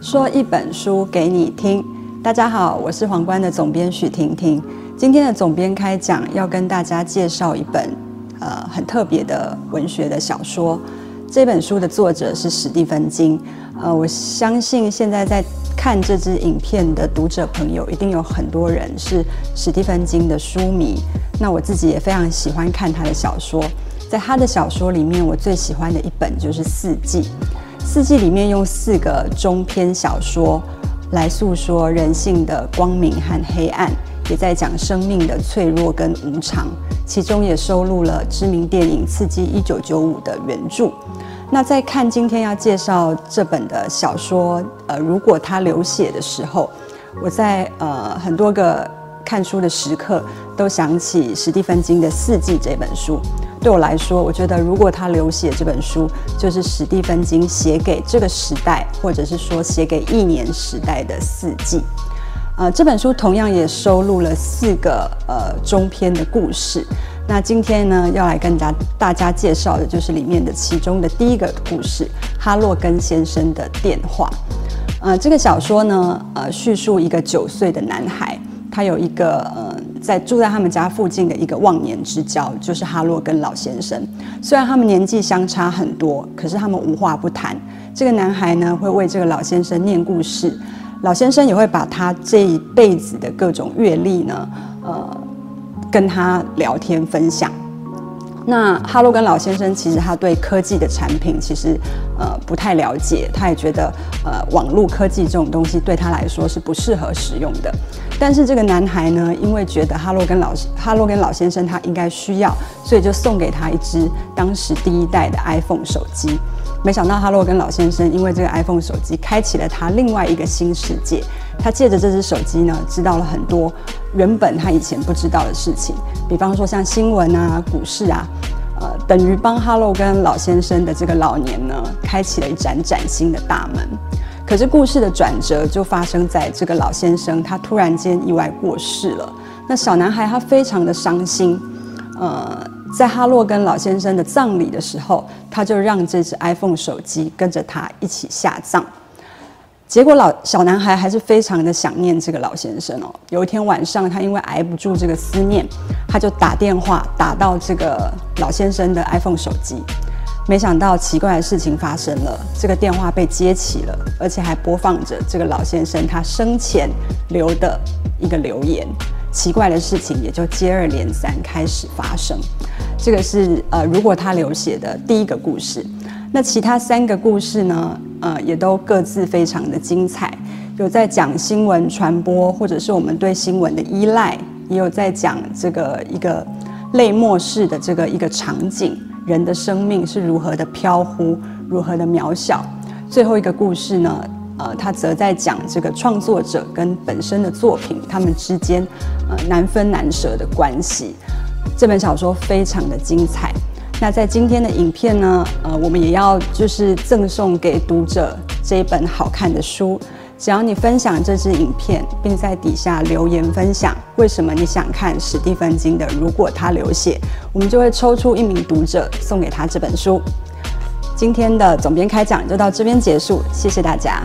說一本書給你聽。大家好，我是皇冠的總編許婷婷。今天的總編開講要跟大家介紹一本呃很特別的文學的小說。這本書的作者是史蒂芬．金。呃，我相信現在在看這支影片的讀者朋友，一定有很多人是史蒂芬．金的書迷。那我自己也非常喜歡看他的小說。在他的小說裡面，我最喜歡的一本就是《四季》。《四季》裡面用四個中篇小說來訴說人性的光明和黑暗，也在講生命的脆弱跟無常。其中也收錄了知名電影《刺激一九九五》的原著。那在看今天要介紹這本的小說，呃，如果它流血的時候，我在呃很多個。看書的時刻，都想起史蒂芬金的《四季》這本書。對我來說，我覺得《如果它流血》這本書，就是史蒂芬金寫給這個時代，或者是說寫給一年時代的四季。呃，這本書同樣也收錄了四個呃中篇的故事。那今天呢，要來跟大大家介紹的就是裡面的其中的第一個故事《哈洛根先生的電話》。呃，這個小說呢，呃，敘述一個九歲的男孩。他有一個呃，在住在他們家附近的一個忘年之交，就是哈洛根老先生。雖然他們年紀相差很多，可是他們無話不談。這個男孩呢，會為這個老先生念故事，老先生也會把他這一輩子的各種閱歷呢，呃，跟他聊天分享。那哈洛根老先生其實他對科技的產品其實，呃，不太了解，他也覺得呃，網絡科技這種東西對他來說是不適合使用的。但是這個男孩呢，因為覺得哈洛根老哈洛根老先生他應該需要，所以就送給他一支當時第一代的 iPhone 手機。沒想到哈洛根老先生因為這個 iPhone 手機，開啟了他另外一個新世界。他借着這隻手機呢，知道了很多原本他以前不知道的事情。比方說像新聞啊、股市啊，呃，等於幫哈洛根老先生的這個老年呢，開啟了一扇嶄新的大門。可是故事的轉折就發生在這個老先生他突然間意外過世了。那小男孩他非常的傷心，呃。在哈洛根老先生的葬禮的時候，他就讓這只 iPhone 手機跟着他一起下葬。結果老小男孩還是非常的想念這個老先生哦。有一天晚上，他因為挨不住這個思念，他就打電話打到這個老先生的 iPhone 手機。沒想到奇怪的事情發生了，這個電話被接起了，而且還播放着這個老先生他生前留的一個留言。奇怪的事情也就接二連三開始發生。這個是呃，如果它流血的第一個故事，那其他三個故事呢，呃，也都各自非常的精彩，有在講新聞傳播，或者是我們對新聞的依賴，也有在講這個一個類末世式的這個一個場景，人的生命是如何的飄忽，如何的渺小。最後一個故事呢，呃，他則在講這個創作者跟本身的作品，他們之間，呃，難分難捨的關係。這本小說非常的精彩。那在今天的影片呢，呃，我們也要就是贈送給讀者這一本好看的書。只要你分享這支影片，並在底下留言分享為什麼你想看史蒂芬金的《如果它流血》，我們就會抽出一名讀者送給他這本書。今天的總編開講就到這邊結束，謝謝大家。